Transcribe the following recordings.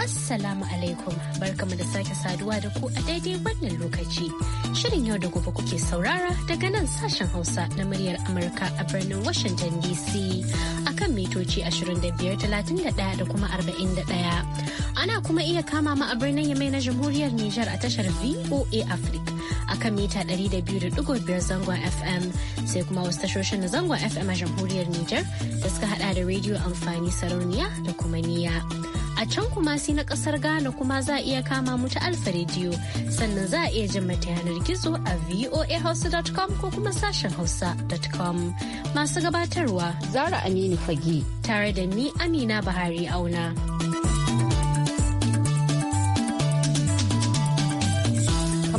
Assalamu alaikum barkamu da sake saduwa da ku a daidai wannan lokaci. Shirin yau da gobe kuke saurara daga nan sashen Hausa na muryar Amurka a birnin Washington DC akan mitoci 25,31 da kuma 41. Ana kuma iya kama ma a birnin Yamai na Jamhuriyar Nijar a tashar VOA Africa. akan mita 200.5 zangon FM sai kuma wasu tashoshin na zangon FM a jamhuriyar Nijar da suka hada da rediyo amfani sarauniya da kuma niya. a can kuma sai na kasar Ghana kuma za a iya kama mu ta Alfa Radio sannan za a iya jin mata yanar gizo a voahausa.com ko kuma sashen hausa.com masu gabatarwa Zara Aminu Fage tare da ni Amina Bahari Auna.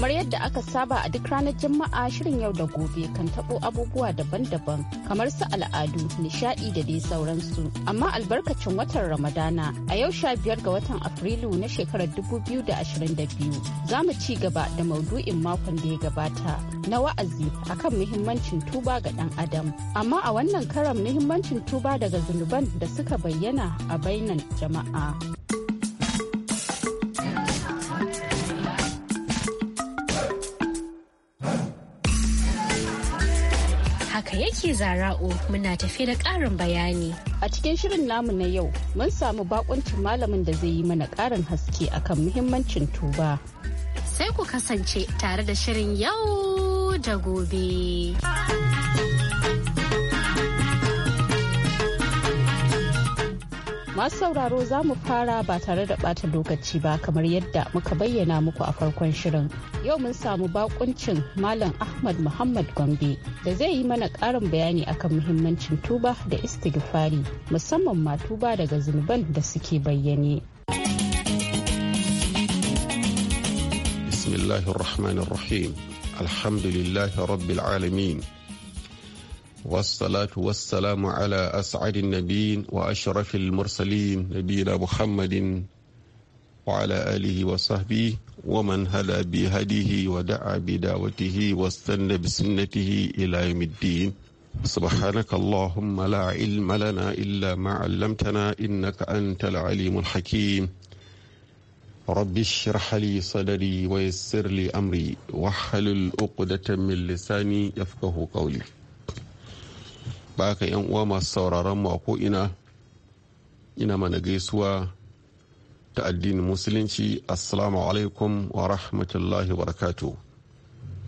kamar yadda aka saba a duk ranar jama'a shirin yau da gobe kan tabo abubuwa daban-daban kamar su al'adu, nishadi da dai sauransu. Amma albarkacin watan Ramadana a yau sha biyar ga watan Afrilu na shekarar 2022 za mu ci gaba da maudu'in makon da ya gabata na wa'azi akan muhimmancin tuba ga dan adam. Amma a wannan karan muhimmancin tuba daga zunuban da suka bayyana a bainan jama'a. haka yake zara'u muna tafe da ƙarin bayani. A cikin shirin namu na yau mun samu bakuncin malamin da zai yi mana ƙarin haske akan muhimmancin tuba. Sai ku kasance tare da shirin yau da gobe. Masu sauraro za mu fara ba tare da ɓata lokaci ba kamar yadda muka bayyana muku a farkon shirin. Yau mun samu bakuncin Malam Ahmad Muhammad Gombe da zai yi mana ƙarin bayani akan muhimmancin tuba da istighfari musamman ma tuba daga zunuban da suke bayyane. Bismillahirrahmanirrahim. Alhamdulillahi Rabbil Alamin. والصلاة والسلام على أسعد النبيين وأشرف المرسلين نبينا محمد وعلى آله وصحبه ومن هدى بهديه ودعا بدعوته واستنى بسنته إلى يوم الدين سبحانك اللهم لا علم لنا إلا ما علمتنا إنك أنت العليم الحكيم رب اشرح لي صدري ويسر لي أمري واحلل عقدة من لساني يفقه قولي ba ka yan uwa masu sauraron mu a ko'ina ina mana gaisuwa ta addinin musulunci assalamu alaikum wa rahmatullahi wa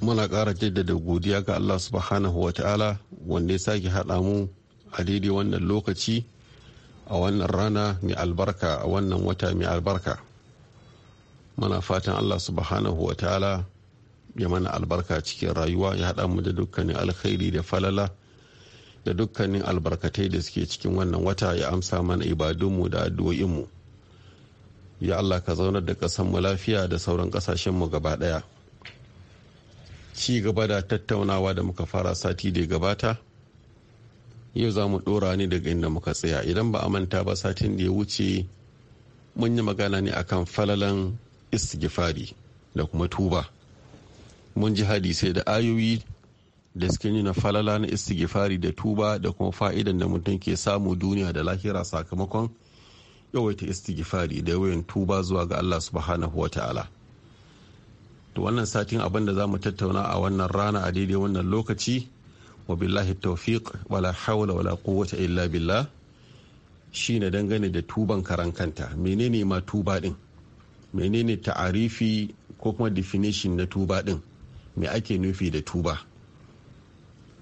muna ƙara jaddada godiya ga allah subhanahu wa ta'ala wanda ya sake haɗa mu a daidai wannan lokaci a wannan rana mai albarka a wannan wata mai albarka muna fatan allah subhanahu wa ta'ala ya mana albarka cikin rayuwa ya haɗa mu da dukkanin alkhairi da falala da dukkanin albarkatai da suke cikin wannan wata ya amsa mana ibadunmu da addu'o'inmu ya allah ka zaunar da mu lafiya da sauran ƙasashenmu gaba ɗaya ci gaba da tattaunawa da muka fara sati da gabata yau za mu ɗora ne daga inda muka tsaya idan ba a manta ba satin da ya wuce mun yi magana ne akan falalan istighfari da kuma tuba mun ji hadisai da ayoyi da suke nuna falala na istighfari da tuba da kuma fa'idan da mutum ke samu duniya da lahira sakamakon yawaita istighfari da yawayin tuba zuwa ga Allah subhanahu wa ta'ala to wannan satin abin da za mu tattauna a wannan rana a daidai wannan lokaci wa billahi tawfiq wala hawla wala quwwata illa billah shine dangane da tuban karan kanta menene ma tuba din menene ta'arifi ko kuma definition na tuba din me ake nufi da tuba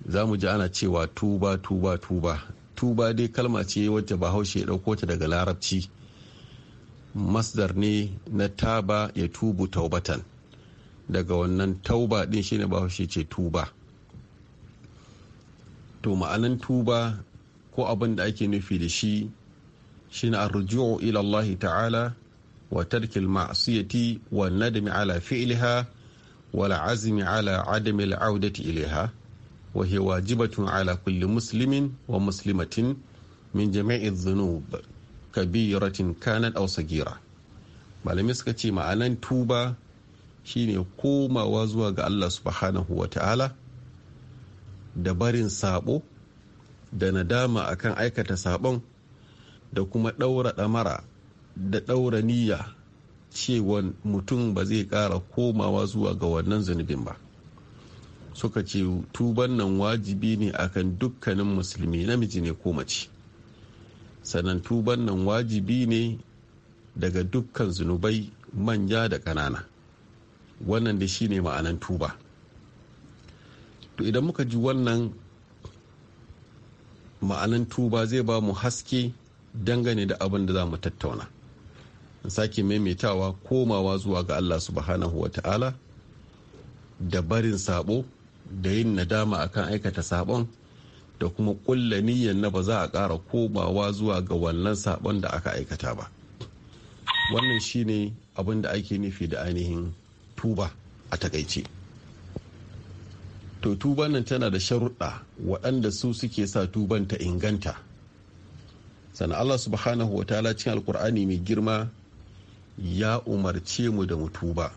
za mu ji ana cewa tuba tuba tuba tuba dai kalma ce wacce bahaushe ya ɗauko ta daga larabci masdar ne na taba ya tubu taubatan daga wannan tauba ɗin shine bahaushe ce tuba to ma'anan tuba ko abin da ake nufi da shi shine arju'u ila Allah ta'ala wa tarkil ma'siyati wa nadmi ala fi'liha wa al'azmi ala adami al'audati ilaiha wa wajibatun ala kulli muslimin wa muslimatin min jami'i bi kabiratin kanat aw sagira malamai suka ce ma'anan tuba shine komawa zuwa ga Allah subhanahu wa ta'ala da barin sabo da nadama akan aikata sabon da kuma ɗaura ɗamara da ɗaura niyya cewa mutum ba zai ƙara komawa zuwa ga wannan zunubin ba suka ce tuban nan wajibi ne akan dukkanin musulmi namiji ne ko mace sannan tuban nan wajibi ne daga dukkan zunubai manya da ƙanana wannan da shi ne ma'anan tuba to idan muka ji wannan ma'anan tuba zai ba mu haske dangane da abin da za mu tattauna in sake maimaitawa komawa zuwa ga allah subhanahu wa ta'ala da barin sabo da yin nadama akan aikata sabon da kuma kulla niyyar na ba za a ƙara komawa zuwa ga wannan sabon da aka aikata ba wannan shine abin da ake nufi da ainihin tuba a takaice to tuba nan tana da sharuɗa waɗanda su suke sa tuban ta inganta sannan allah subhanahu wa ta'ala cikin alkur'ani mai girma ya umarce mu da mu tuba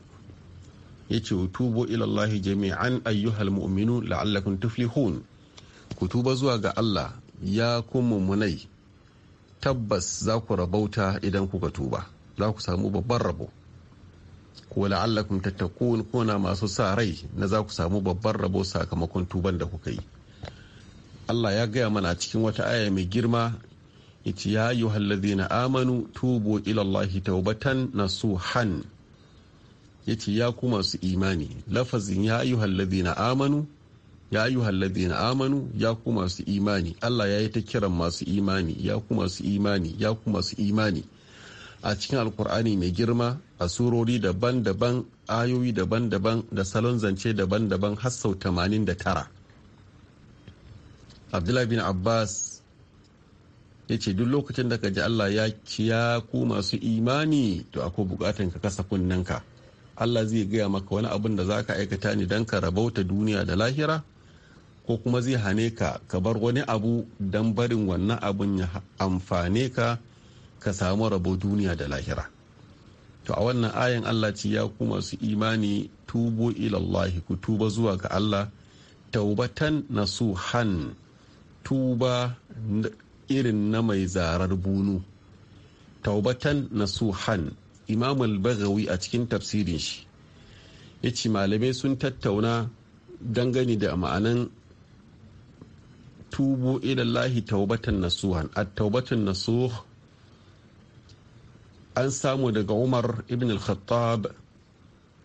yace tubo ilallahi jami'an ayyuhal mu'minu la'allakum tuflihun ku tuba zuwa ga Allah ya kun mummunai tabbas za ku rabauta idan kuka tuba za ku samu babban rabo ko la'allakum tattakun kuna masu sa rai na za ku samu babban rabo sakamakon tuban da kuka yi Allah ya gaya mana cikin wata aya mai girma yace ya ayyuhal ladina amanu tubo ilallahi taubatan nasuhan ya ce ya ku masu imani lafazin ya ayyuhal na amanu ya na amanu ya ku masu imani Allah ya yi ta kiran masu imani ya ku masu imani ya ku masu imani a cikin alkur'ani mai girma a surori daban-daban ayoyi daban-daban da salon zance daban-daban har sau 89 abdullahi bin abbas ya ce duk lokacin da ka ji allah ya ya ku masu imani to akwai bukatan ka kasa ka. allah zai gaya maka wani abin da za ka aikata ne don ka rabauta duniya da lahira ko kuma zai hane ka ka bar wani abu don barin wannan abin ya amfane ka ka samu rabo duniya da lahira to a wannan ayan allah ci ya ku masu imani tubo ilallahi ku tuba zuwa ga allah taubatan han tuba irin na mai zarar bunu taubatan nasuhan imam al-baghawi a cikin tafsirin shi ya ce malamai sun tattauna dangane da ma'anan tubu ilallahi taubatan nasuhan a taubatan nasuh an samu daga umar ibn al-khattab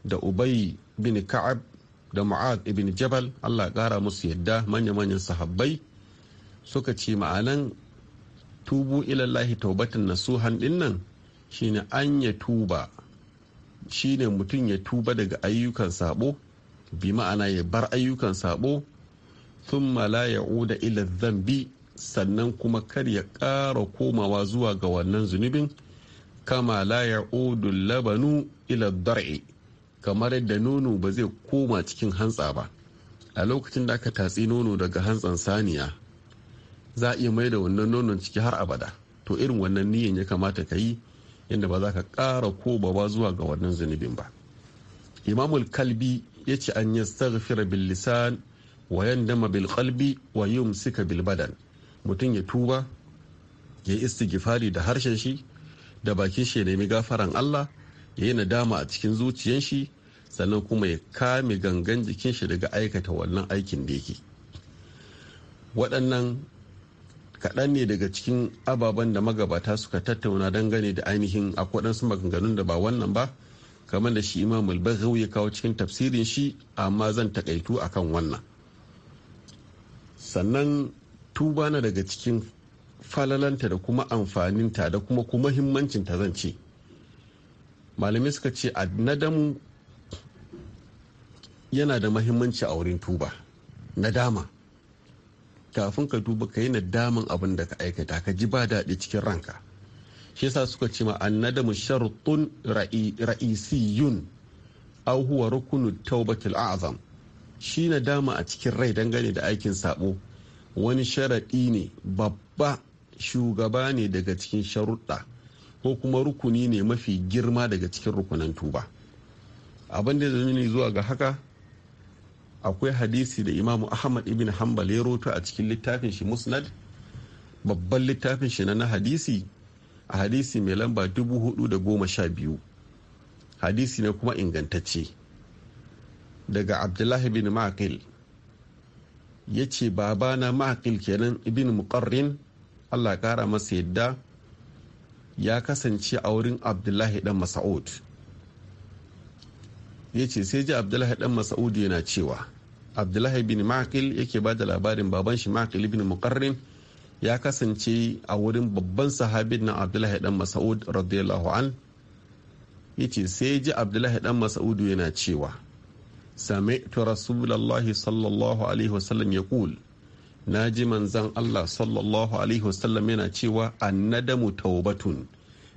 da ubay bin ka'ab da ma'ad ibn jabal allah kara musu yadda manya-manyan sahabbai suka ce ma'anan tubu ilallahi taubatan nasuhan dinnan shine an ya tuba shine mutum ya tuba daga ayyukan sabo bi ma'ana ya bar ayyukan sabo thumma la uda ila zambi sannan kuma kar ya ƙara komawa zuwa ga wannan zunubin kama la udu labanu ila dar'i kamar yadda nono ba zai koma cikin hantsa ba a lokacin da aka tatsi nono daga hantsan saniya za a iya mai da wannan nonon ciki har abada to irin wannan niyan ya kamata ka yi yanda ba za ka ƙara ba zuwa ga wannan zunubin ba imamul kalbi ya ce an yi staghfira bil lisan wa yandama bil qalbi wa yumsika bil badan mutum ya tuba ya yi istighfari da harshen shi da bakin shi ya nemi gafaran Allah ya yi nadama a cikin zuciyan shi sannan kuma ya kame gangan jikin shi daga aikata wannan aikin da yake waɗannan kaɗan ne daga cikin ababen da magabata suka tattauna don gane da ainihin ɗansu maganganun da ba wannan ba kamar da shi imam albaghaw ya kawo cikin tafsirin shi amma zan takaitu kan wannan sannan tuba na daga cikin falalanta da kuma amfaninta da kuma kuma himmancinta zan ce malamai suka ce a nadamu yana da mahimmanci a wurin tuba na dama. kafin ka duba ka yi nadamin abin da ka aikata ka ji ba daɗi cikin ranka shi yasa suka ce ma mu sharuɗun ra'isiyun aw huwa rukunu taubatul a'zam shi nadama a cikin rai dangane da aikin sabo wani sharaɗi ne babba shugaba ne daga cikin sharuɗa ko kuma rukuni ne mafi girma daga cikin rukunan tuba abin da zai zuwa ga haka akwai hadisi da imamu ahmad ibn hanbal ya roto a cikin littafin shi musnad babban littafin shi na hadisi a hadisi mai lamba dubu hudu da goma sha biyu hadisi ne kuma ingantacce daga abdullahi bin maqil ya ce babana maqil kenan ibn muqarrin allah kara masa yadda ya kasance a wurin abdullahi dan masa'ud ya ce sai ji abdullahi dan masaudi yana cewa abdullahi bin makil yake ba da labarin baban shi makil bin mukarrin ya kasance a wurin babban sahabin na abdullahi dan mas'ud radiyallahu an ya ce sai ji abdullahi dan masaudi yana cewa sami'tu rasulallahi sallallahu alaihi wasallam ya kul na ji manzan allah sallallahu alaihi wasallam yana cewa annadamu taubatun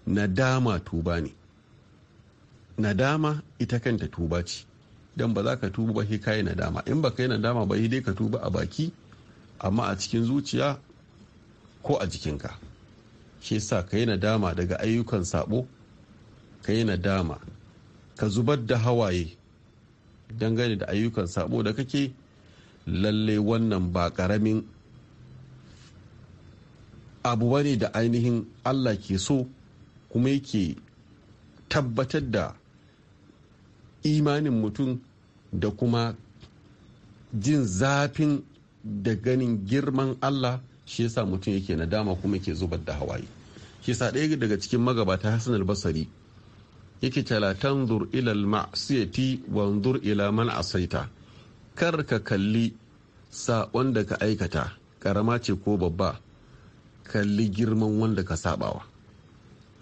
nadama tuba ne nadama ita kanta tuba ce don ba za ka tuba ba ka yi nadama in ba ka yi nadama ba dai ka tuba a baki amma a cikin zuciya ko a jikinka shi sa ka yi nadama daga ayyukan sabo ka yi nadama ka zubar da hawaye dangane da ayyukan sabo da kake lallai wannan ba karamin abu ne da ainihin allah ke so kuma yake tabbatar da imanin mutum da kuma jin zafin da ganin girman allah shi yasa mutum yake nadama kuma yake zubar da hawaye shi yasa ɗaya daga cikin magabata hassan albasari yake talatan zur ilal ma'siyati wanzur ila man asaita kar ka kalli saɓon da ka aikata karama ce ko babba kalli girman wanda ka sabawa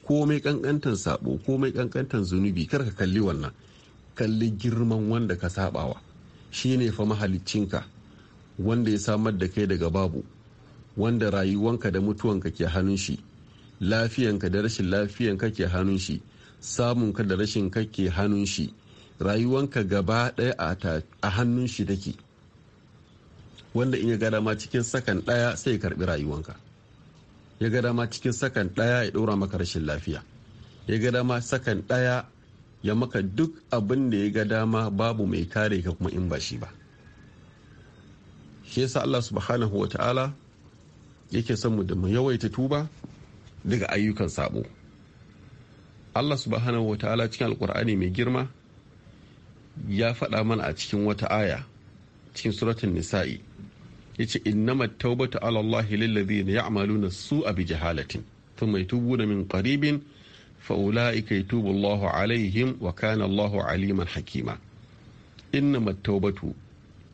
komai kankantan saɓo komai kankantan zunubi kar ka kalli wannan kalli girman wanda ka sabawa shi ne fa mahaliccinka wanda ya samar da kai daga babu wanda rayuwanka da mutuwanka ke hannun shi lafiyanka da rashin lafiyanka ke hannun shi samunka da rashin ka ke hannun shi rayuwanka gaba ɗaya a hannun shi take wanda in ya gada ma cikin sakan ɗaya sai ya karbi rayuwanka ya gada ma cikin sakan ɗaya ya ɗora maka rashin lafiya ya gada ma sakan ɗaya ya maka duk abin da ya ga dama babu mai kare ka kuma in ba shi ba shi yasa Allah subhanahu wa ta'ala yake son mu da mu yawaita tuba daga ayyukan sabo Allah subhanahu wa ta'ala cikin alkur'ani mai girma ya faɗa mana a cikin wata aya cikin suratun nisa'i ya yace innama tawbatu ala Allah ya'amalu na ya'maluna su'a bi jahalatin tubu da min qaribin fa ulaika yatubu Allahu alaihim wa kana Allahu aliman hakima inna matawbatu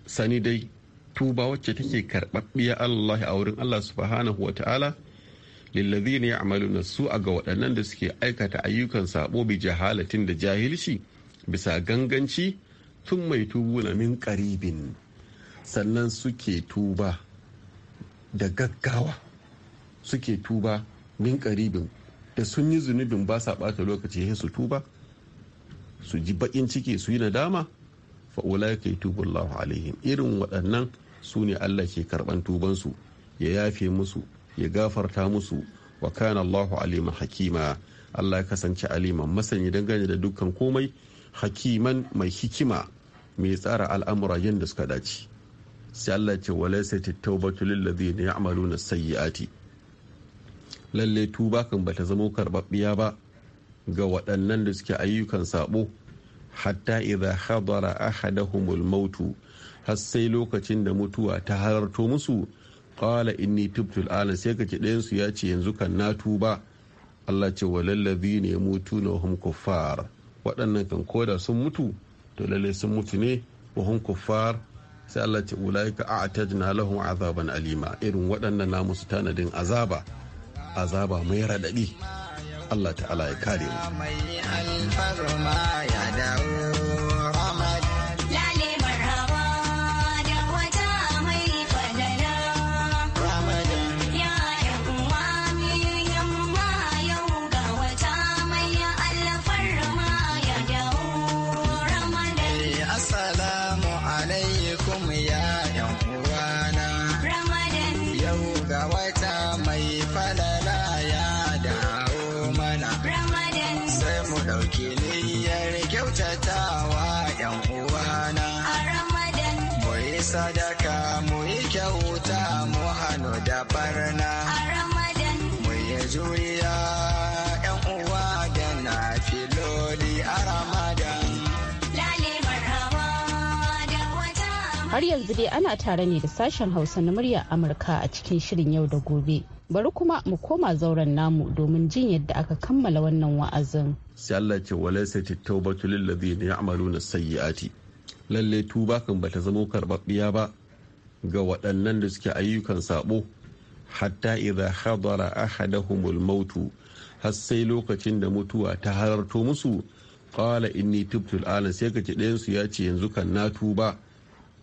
sani dai tuba wacce take karbabbiya Allah a wurin Allah subhanahu wa ta'ala lil ladina ya'maluna su'a ga waɗannan da suke aikata ayyukan sabo bi jahalatin da jahilci bisa ganganci tun mai tubula min qaribin sannan suke tuba da gaggawa suke tuba min qaribin da sun yi zunubin ba sa bata lokaci sai su tuba su ji baƙin ciki su yi nadama fa ulaika yatubullahu alaihim irin waɗannan su ne Allah ke karɓan tubansu ya yafe musu ya gafarta musu wa kana Allahu aliman hakima Allah ya kasance aliman masani dangane da dukkan komai hakiman mai hikima mai tsara al'amura yadda suka dace sai Allah ce walaysa tawbatu lil ladina ya'maluna sayyi'ati lalle tuba kan bata zama karbabbiya ba ga waɗannan da suke ayyukan sabo hatta idza hadara ahadahumul mautu har sai lokacin da mutuwa ta hararto musu qala inni tubtu al'ana sai kace ɗayan su ya ce yanzu kan na tuba Allah ce wa lallabi ne mutu na wahun kuffar waɗannan kan koda sun mutu to lalle sun mutu ne wahun kuffar sai Allah ce ulaika atajna lahum azaban alima irin waɗannan na musu tanadin azaba azaba mai raɗaɗi Allah ta'ala ya kare mu. Har yanzu dai ana tare ne da sashen Hausa na murya Amurka a cikin shirin yau da gobe. Bari kuma mu koma zauren namu domin jin yadda aka kammala wannan wa'azin. Sai Allah ce walaysa ya lil ladina ya'maluna sayyi'ati. lallai tuba kan bata zama karbabbiya ba ga waɗannan da suke ayyukan sabo hatta idza hadara ahadahumul mautu har sai lokacin da mutuwa ta hararto musu qala inni tubtu al'ana sai kace ɗayan su ya ce yanzu kan na tuba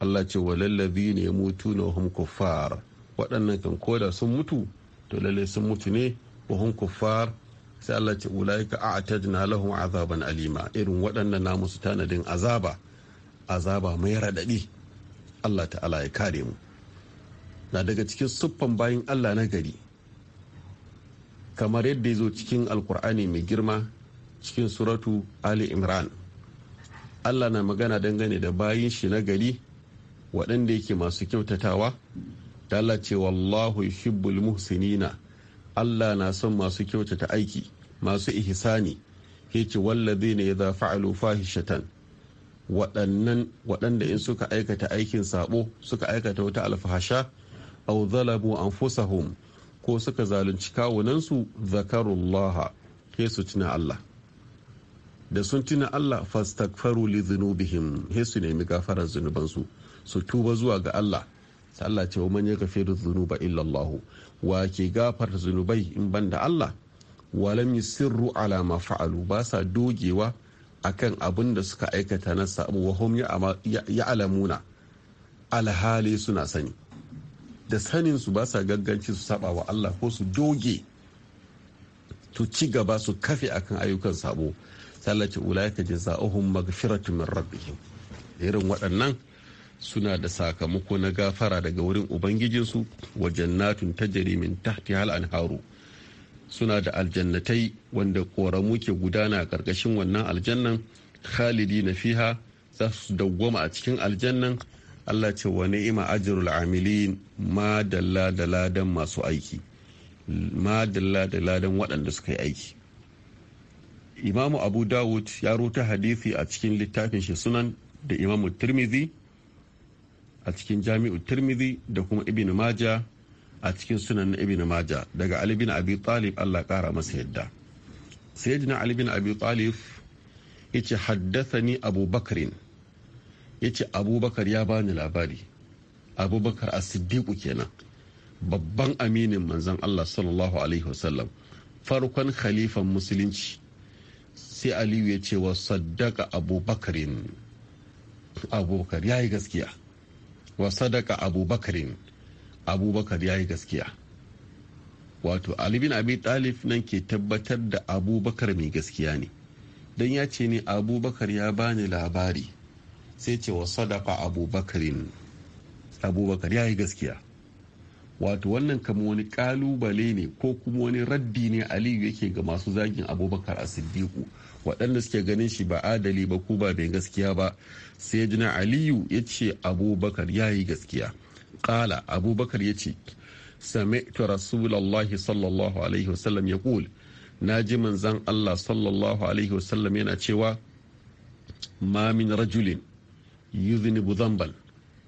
Allah ce wa lallabi ne mutu na hum kuffar waɗannan kan koda sun mutu to lallai sun mutu ne wa kuffar sai Allah ce ulaika a'tadna lahum azaban alima irin waɗannan na musu tanadin azaba azaba mai raɗaɗi Allah ta'ala ya kare mu na daga cikin siffan bayan Allah na gari kamar yadda ya zo cikin alkur'ani mai girma cikin suratu ali imran Allah na magana dangane da bayin shi na gari waɗanda yake masu kyautatawa da Allah ce wallahu yuhibbul muhsinina Allah na son masu kyautata aiki masu ihsani wallazi ne ya zafi fahishatan waɗannan waɗanda in suka aikata aikin sabo suka aikata wata alfahasha au zalamu anfusahum ko suka zalunci kawunansu zakarullaha ke su tuna Allah da sun tuna Allah fastaghfaru li dhunubihim he su nemi gafarar zunubansu su tuba zuwa ga Allah sai Allah ce wa ya yaghfiru da zunuba illallah wa ke gafar zunubai in ban da Allah walam yusirru ala ma fa'alu ba sa dogewa akan abin da suka aikata na sabu wa hum ya'lamuna alhali suna sani da sanin su ba sa gaggance su saba wa Allah ko su doge to ci gaba su kafe akan ayyukan sabo sallaci ulaika jazaohum maghfiratun min rabbihim irin waɗannan suna da sakamako na gafara daga wurin ubangijinsu wajen natun ta jarimin tahti hal anharu suna da aljannatai wanda koramu ke gudana a ƙarƙashin wannan aljannan khalidi na fiha za su dawwama a cikin aljannan allah ce wa ni'ima ajrul amilin ma dalla da ladan masu aiki ma da ladan waɗanda suka yi aiki imamu abu dawud ya rota hadisi a cikin littafin shi sunan da imamu tirmidhi a cikin jami'u tirmidhi da kuma ibn maja a cikin sunan na ibn maja daga ali bin abi talib allah kara masa yadda sayyidina ali bin abi talib yace haddathani abubakarin yace abubakar ya bani labari abubakar as-siddiq kenan babban aminin manzon allah sallallahu alaihi wasallam farkon khalifan musulunci sai aliyu ya ce wa saddaka abubakarin abubakar ya yi gaskiya wa sadaka abubakarin abubakar ya yi gaskiya wato alibin abi talif nan ke tabbatar da abubakar mai gaskiya ne don ya ce ne abubakar ya bani labari sai ce wa sadaka abubakarin abubakar ya yi gaskiya wato wannan kama wani kalubale ne ko kuma wani raddi ne aliyu yake ga masu zagin abubakar a siddiku waɗanda suke ganin shi ba adali ba ko ba mai gaskiya ba sai jina aliyu ya ce abubakar ya yi gaskiya ƙala abubakar ya ce sami'tu rasulallahi sallallahu alaihi wasallam ya ƙul na ji manzan allah sallallahu alaihi wasallam yana cewa ma min rajulin yuznibu dhanban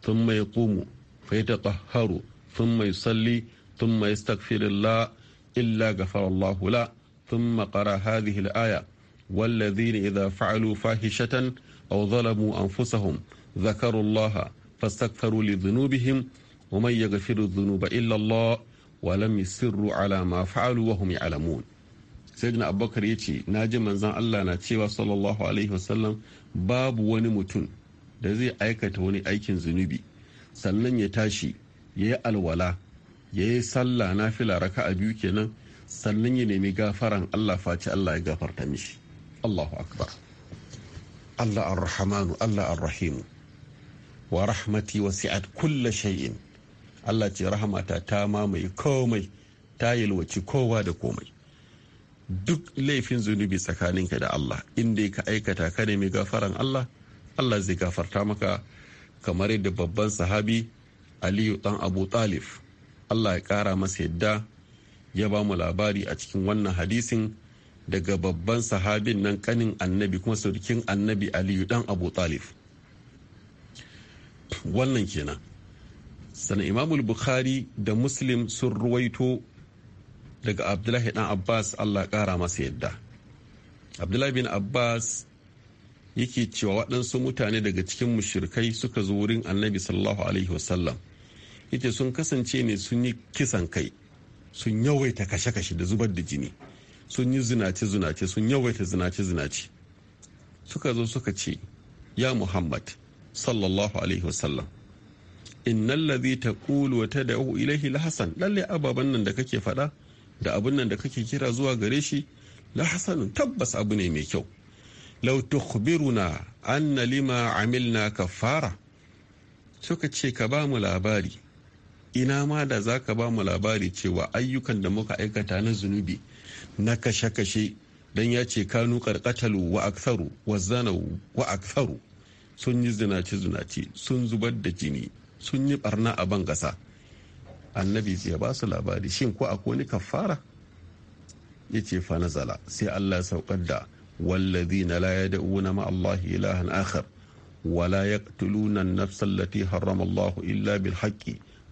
thumma yaqumu fayataqahharu ثم يصلي ثم يستغفر الله إلا غفر الله له ثم قرأ هذه الآية والذين إذا فعلوا فاحشة أو ظلموا أنفسهم ذكروا الله فاستغفروا لذنوبهم ومن يغفر الذنوب إلا الله ولم يسروا على ما فعلوا وهم يعلمون sayyidina abubakar ya ce na ji manzan allah na cewa sallallahu alaihi wasallam babu wani mutum da zai aikata wani aikin zunubi sannan ya tashi ya yi alwala ya yi sallah na fila raka a biyu kenan sannan ya nemi gafaran allah face allah ya gafarta mishi allahu akbar allah arrahmanu allah arrahimu wa rahmati wasi'at kulla shay'in allah ce rahmata ta mamaye komai ta yalwaci kowa da komai duk laifin zunubi tsakaninka da allah inda ka aikata ka nemi gafaran allah allah zai gafarta maka kamar yadda babban sahabi aliyu dan abu Talif. allah ya kara masa yadda ya ba mu labari a cikin wannan hadisin daga babban sahabin nan kanin annabi kuma surukin annabi aliyu dan abu Talif. wannan kenan sana imamul bukhari da muslim sun ruwaito daga abdullahi dan abbas allah ya kara masa yadda abdullahi bin abbas yake cewa waɗansu mutane daga cikin mushrikai suka zo wurin annabi sallallahu alaihi wasallam yace sun kasance ne sun yi kisan kai sun yawaita kashe-kashe da zubar da jini sun yi zinace-zinace sun yawaita zinace-zinace suka zo suka ce ya muhammad sallallahu alaihi wasallam innal ladhi taqulu wa tad'u ilayhi lahasan lalle ababan nan da kake fada da abun nan da kake kira zuwa gare shi lahasan tabbas abu ne mai kyau lau tukhbiruna anna lima amilna kafara suka ce ka ba mu labari ina ma da za ka ba mu labari cewa ayyukan da muka aikata na zunubi na kashe-kashe don ya ce kanu karkatalu wa aksaru wa zanau wa aksaru sun yi zinace-zinace sun zubar da jini sun yi barna a ban ƙasa annabi ya ba su labari shin ko akwai wani kafara ya ce fa nazala sai allah saukar da والذين لا يدعون مع الله إلها آخر ولا يقتلون النفس التي حرم الله إلا بالحق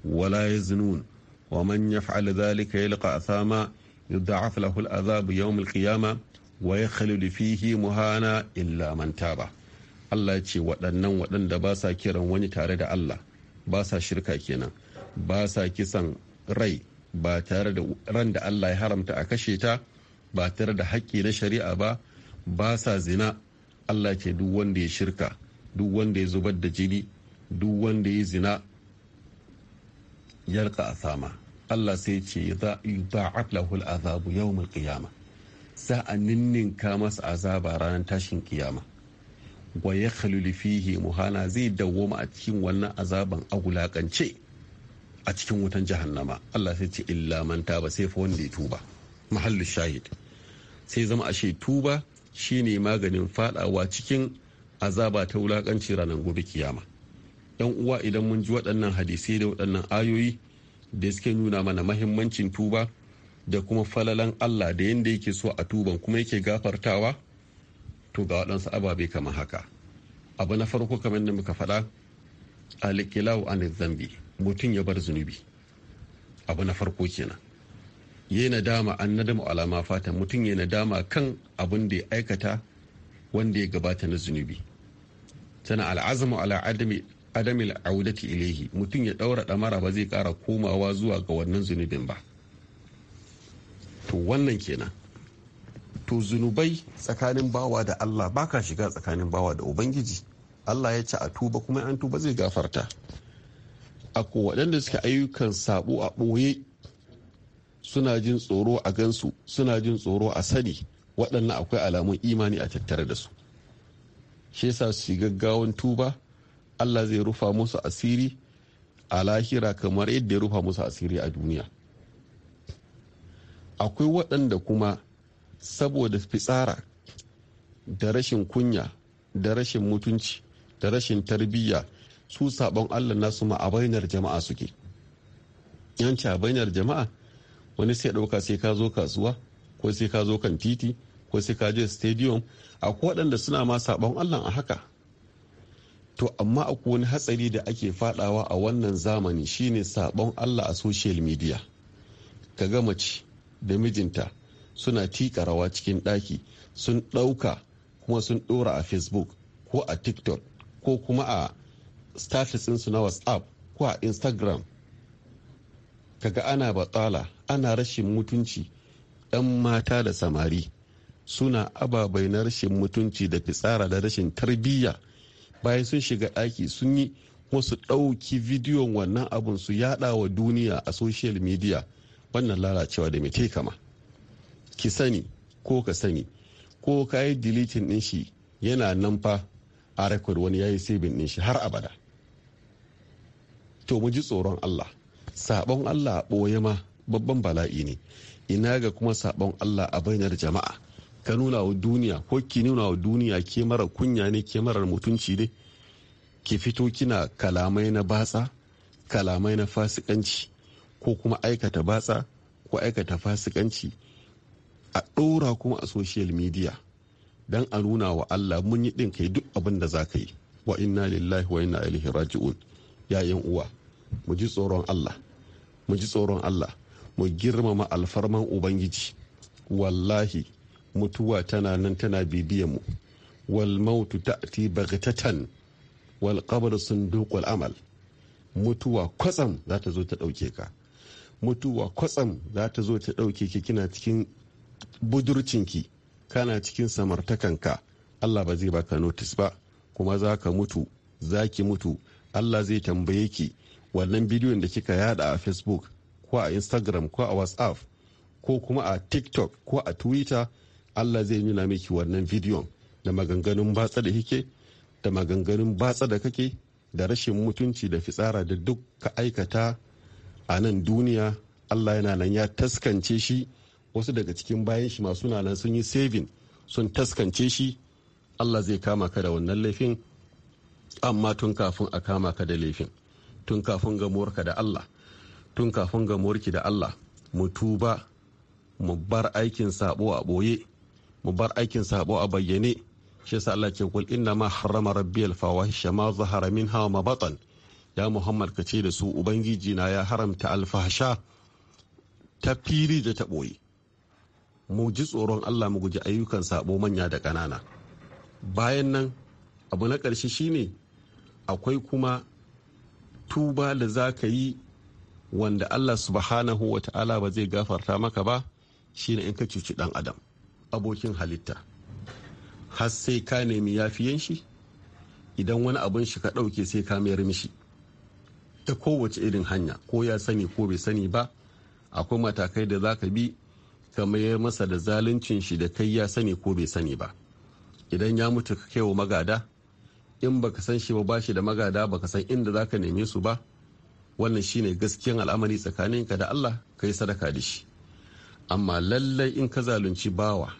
ولا يزنون ومن يفعل ذلك يلقى أثاما يضاعف له العذاب يوم القيامة ويخلد فيه مهانا إلا من تاب Allah ce waɗannan waɗanda ba sa kiran wani tare da Allah ba sa shirka kenan ba sa kisan rai ba tare da ran da Allah ya haramta a kashe ta ba tare da haƙƙi na shari'a ba ba sa zina allah ce duk wanda ya shirka duk wanda ya zubar da jini duk wanda ya zina yarka a sama allah sai ce yudha'at lahu yi yawm qiyama za a ninninka masa azaba ranar tashin kiyama wa ya fihi muhana zai dawwama a cikin wannan azaban a a cikin wutan jahannama Allah sai ce illa manta ba sai fa wanda ya tuba Mahallin shahid sai zama a ashe tuba shine maganin fadawa cikin azaba ta wulakanci ranar gobe kiyama yan uwa idan mun ji waɗannan hadisai da waɗannan ayoyi da suke nuna mana mahimmancin tuba da kuma falalan allah da yadda yake so a tuban kuma yake gafartawa to ga waɗansu ababe kamar haka abu na farko kamar da muka faɗa alikilau an mutum ya bar zunubi abu na farko kenan ya nadama an nadama alama fata mutum ya nadama kan abin da ya aikata wanda ya gabata na zunubi tana al'azamu ala adamil audati ilaihi mutum ya daura damara ba zai kara komawa zuwa ga wannan zunubin ba to wannan kenan to zunubai tsakanin bawa da Allah baka shiga tsakanin bawa da ubangiji Allah ya ce a tuba kuma an tuba zai gafarta ako waɗanda suka ayyukan sabo a ɓoye suna jin tsoro a gansu suna jin tsoro a sani waɗannan akwai alamun imani a tattare da su shi yasa su gaggawan tuba allah zai rufa musu asiri a lahira kamar yadda ya rufa musu asiri a duniya akwai waɗanda kuma saboda fitsara da rashin kunya da rashin mutunci da rashin tarbiyya su sabon allah nasu ma a bainar jama'a suke yanci a bainar jama'a wani sai ɗauka sai ka zo kasuwa ko sai ka zo kan titi ko sai ka je stadium akwai waɗanda suna ma sabon allah a haka to amma akwai wani hatsari da ake fadawa a wannan zamani shine sabon allah a social media ka ga mace da mijinta suna tiƙa rawa cikin ɗaki sun ɗauka kuma sun ɗora a facebook ko a tiktok ko kuma a status na whatsapp ko a instagram kaga ana batsala ana rashin mutunci ɗan mata da samari suna ababai na rashin mutunci da fitsara da rashin tarbiyya bayan sun shiga ɗaki sun yi wasu ɗauki bidiyon wannan abun su yada wa duniya a social media wannan lalacewa da mai kama ki sani ko ka sani ko ka yi deleting ɗin shi yana nan fa a record wani ya yi saving ɗin shi har abada to mu ji tsoron allah sabon allah a ɓoye ma babban bala'i ne ina ga kuma sabon allah a bainar jama'a ka nuna wa duniya ko ki nuna wa duniya ke mara kunya ne ke mara mutunci ne ki fito kina kalamai na batsa kalamai na fasikanci ko kuma aikata batsa ko aikata fasikanci a ɗora kuma a social media don a nuna wa Allah mun yi ɗin kai duk abin da za ka yi wa inna lillahi wa inna ilaihi raji'un ya yan uwa mu ji tsoron Allah mu ji tsoron Allah mu girmama alfarman ubangiji wallahi mutuwa tana nan tana bibiyan mu wal mautu ta'ti baghtatan wal qabr sunduqul amal mutuwa kwatsam za ta zo ta dauke ka mutuwa kwatsam za ta zo ta dauke ki kina cikin budurcinki kana cikin samartakan ka? Allah ba zai baka notis ba kuma za ka mutu za ki mutu Allah zai tambaye ki wannan bidiyon da kika yada a facebook ko a instagram ko a whatsapp ko kuma a tiktok ko a twitter allah zai nuna miki wannan bidiyon da maganganun batsa da hike da maganganun batsa da kake da rashin mutunci da fitsara da duk ka aikata a nan duniya allah yana nan ya taskance shi wasu daga cikin bayan shi masu nan sun yi saving sun taskance shi allah zai kama ka da wannan laifin amma tun kafin a kama ka da laifin tun kafin gamuwarka da Allah tun kafin gamuwarki da Allah mu tuba mu bar aikin sabo a boye mu bar aikin sabo a bayyane shi yasa Allah ke kul inna ma harrama rabbi al fawahisha ma zahara minha ma batan ya Muhammad ka ce da su ubangiji na ya haramta fahsha ta fili da ta boye mu ji tsoron Allah mu guji ayyukan sabo manya da ƙanana bayan nan abu na ƙarshe shine akwai kuma tuba da za ka yi wanda Allah subhanahu wa ta'ala ba zai gafarta maka ba shine in ka cuci dan adam abokin halitta har sai ka nemi yafiyan shi idan wani abin shi ka ɗauke sai ka mayar mishi ta kowace irin hanya ko ya sani ko bai sani ba akwai matakai da za ka bi ka mayar masa da zaluncin shi da kai ya sani ko bai sani ba idan ya mutu ka kaiwa magada in baka san shi ba bashi da magada baka san inda zaka neme su ba wannan shine gaskiyan al'amari tsakaninka da Allah ka yi sadaka da shi amma lallai in ka zalunci bawa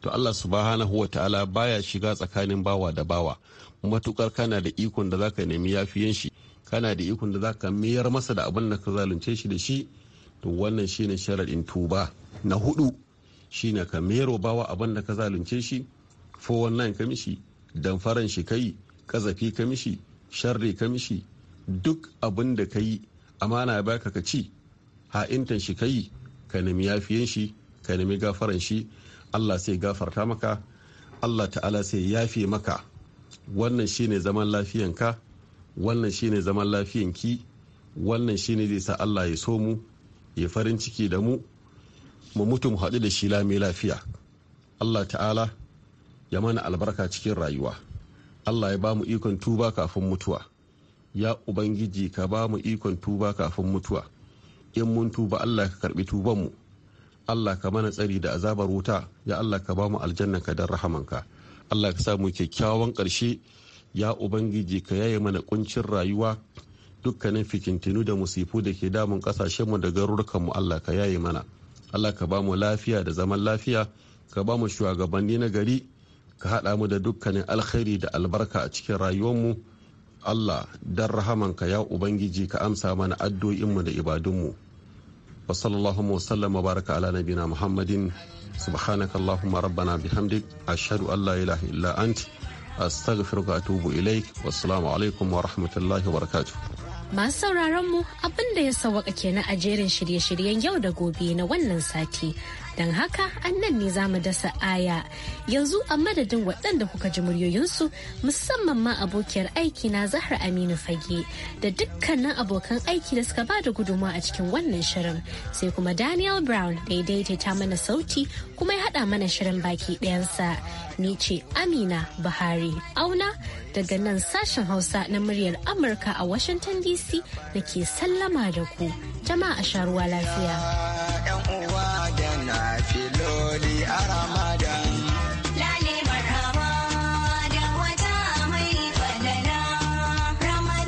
to Allah subhanahu huwa ta'ala baya shiga tsakanin bawa da bawa matukar kana da ikon da zaka nemi yafiyan shi kana da ikon da zaka miyar masa da abin da ka zalunce shi da shi to wannan shine sharaɗin tuba na hudu shine ka wa bawa abin da ka zalunce shi fo wannan ka mishi faran shi kai kazafi ka mishi sharri ka mishi duk abin da ka yi amana baka ka ci ha'intan shi ka yi ka nemi yafiyan shi ka nemi gafaran shi allah sai gafarta maka allah ta'ala sai yafe maka wannan shine zaman lafiyanka wannan shine zaman lafiyanki wannan shine zai sa allah ya so mu ya farin ciki da mu mu mutu mu haɗu da shi lami lafiya allah ta'ala ya mana albarka cikin rayuwa Allah ya ba mu ikon tuba kafin mutuwa ya ubangiji ka ba mu ikon tuba kafin mutuwa in mun tuba Allah ka karbi tubanmu Allah ka mana tsari da azabar wuta ya Allah ka ba mu aljanna ka dan rahamanka Allah ka sa mu kyakkyawan ƙarshe ya ubangiji ka yaye mana kuncin rayuwa dukkanin fitintinu da musifu da ke damun kasashenmu da garurukanmu Allah ka yaye mana Allah ka ba mu lafiya da zaman lafiya ka ba mu shugabanni na gari ka haɗa mu da dukkanin alkhairi da albarka a cikin rayuwarmu Allah dan rahamanka ya Ubangiji ka amsa mana addu'o'inmu da ibadunmu wa sallallahu wa wa baraka ala nabina Muhammadin subhanaka Allahumma rabbana bihamdik ashhadu an la ilaha illa ant astaghfiruka wa atubu ilaik wassalamu alaikum wa rahmatullahi wa barakatuh Masu sauraron mu abin da ya sawaka kenan a jerin shirye-shiryen yau da gobe na wannan sati Don haka an nan ne za mu dasa aya yanzu a madadin waɗanda kuka ji muryoyinsu musamman ma abokiyar aiki na zahar Aminu Fage da dukkanin abokan aiki da suka ba da gudunmawa a cikin wannan shirin sai kuma Daniel Brown da ya daidaita mana sauti kuma ya haɗa mana shirin baki ɗayansa. Ni ce Amina Buhari auna daga nan sashen Hausa na muryar Amurka a Washington DC da ke sallama da ku. Jama'a sharuwa lafiya. na filoli arama